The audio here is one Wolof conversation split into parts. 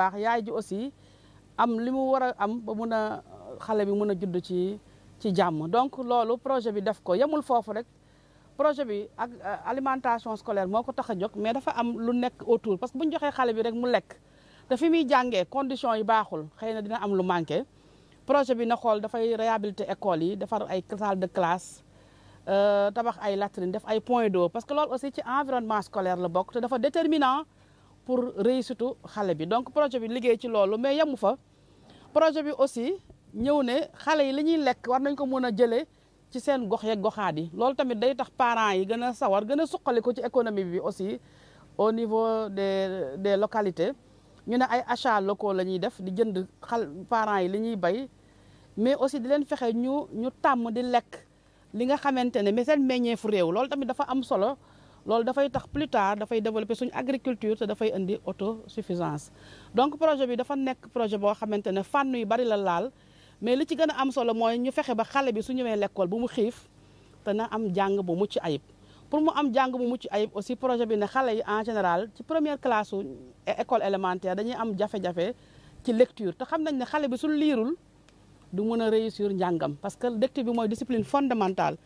baax yaay ji aussi am li mu war a am ba mun a xale bi mun a judd ci ci jàmm donc loolu projet bi def ko yemul foofu rek projet bi ak euh, alimentation scolaire moo ko tax a jog mais dafa am lu nekk autour parce que bu ñu joxee xale bi rek mu lekk te muy jàngee conditions yi baaxul xëy na dina am lu manqué projet bi na xool dafay réhabiliter école yi defar ay salle de classe euh, tabax ay latrines def ay points d'eau parce que loolu aussi ci environnement scolaire la bokk te dafa pour réussite xale bi donc projet bi liggéey ci loolu mais yemu fa projet bi aussi ñëw ne xale yi li ñuy lekk war nañ ko mën a jëlee ci seen gox yeeg goxaat yi loolu tamit day tax parent yi gën a sawar gën a suqali ko ci économie bi aussi au niveau des des localités ñu ne ay achats locaux la ñuy def di jënd xal parents yi li ñuy bay mais aussi di leen fexe ñu ñu tàmm di lekk li nga xamante ne mais seen meññeefu réew loolu tamit dafa am solo loolu dafay tax plus tard dafay développer suñu agriculture te dafay indi suffisance donc projet bi dafa nekk projet boo xamante ne fànn yu bari la laal mais li ci gën a am solo mooy ñu fexe ba xale bi su ñëwee lekkool bu mu xiif te na am jàng bu mucc ayib pour mu am jàng bu mucc ayib aussi projet bi ne xale yi en général ci première classe su école élémentaire dañuy am jafe-jafe ci lecture te xam nañ ne xale bi su liirul du mën a réussir njàngam parce que lecture bi mooy discipline fondamentale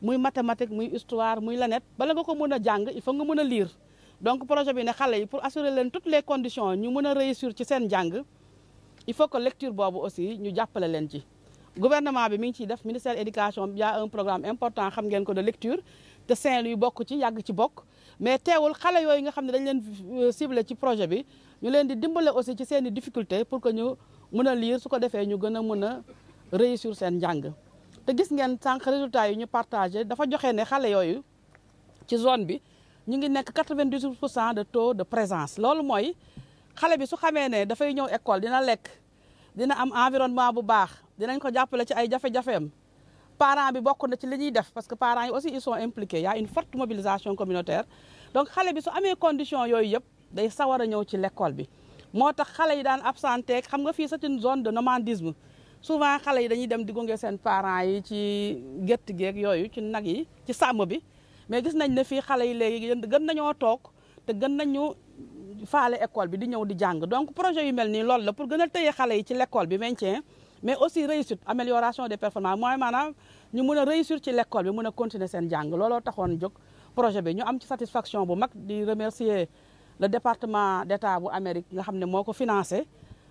muy mathématique muy histoire muy lanet bala nga ko mën a jàng il faut nga mën a liir donc projet bi ne xale yi pour assurer leen toutes les conditions ñu mun a réussir ci seen jàng il faut que lecture boobu aussi ñu jàppale leen ci gouvernement bi mi ngi ciy def ministère éducation bi y a un programme important xam ngeen ko de lecture te saint yi bokk ci yàgg ci bokk mais teewul xale yooyu nga xam ne dañ leen euh, ciblé ci projetbi ñu leen di dimbale aussi ci seen i difficulté pour que ñu mën a lire su ko ñu gën a mën a réussir seen njàng te gis ngeen sànq résultat yi ñu partagé dafa joxe ne xale yooyu ci zone bi ñu ngi nekk 98 pour cent de taux de présence loolu mooy xale bi su xamee ne dafay ñëw école dina lekk dina am environnement bu baax dinañ ko jàppale ci ay jafe-jafeem parent bi bokk na ci li ñuy def parce que parents yi aussi ils sont impliqués a une forte mobilisation communautaire donc xale bi su amee condition yooyu yëpp day sawar a ñëw ci lekkool bi moo tax xale yi daan absenté xam nga fii c'est une zone de nomadisme souvent xale yi dañuy dem di gunge seen parent yi ci gerte geeg yooyu ci nag yi ci sàmm bi mais gis nañ ne fii xale yi léegi gën nañoo toog te gën nañu faale école bi di ñëw di jàng donc projet yu mel ni loolu la pour gën a téye xale yi ci l'école bi maintien mais aussi réussite amélioration des performances mooy maanaam ñu mën a réussir ci l'école bi mën a continuer seen jàng looloo taxoon jóg projet bi ñu am ci satisfaction bu mag di remercier le département d'état bu Amérique nga xam ne moo ko financé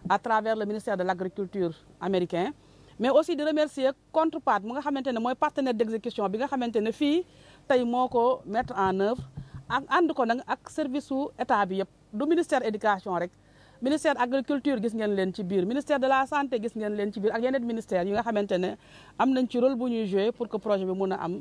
à travers le ministère de l' agriculture américain mais aussi di remercier contrepart mu nga xamante ne mooy partenaire d' exécution bi nga xamante ne fii tey moo ko mettre en oeuvre ak ànd ko nag ak service su état bi yëpp du ministère éducation rek ministère agriculture gis ngeen leen ci biir ministère de la santé gis ngeen leen ci biir ak yeneen ministère yi nga xamante ne am nañ ci rôle bu ñuy joué pour que projet bi mun a am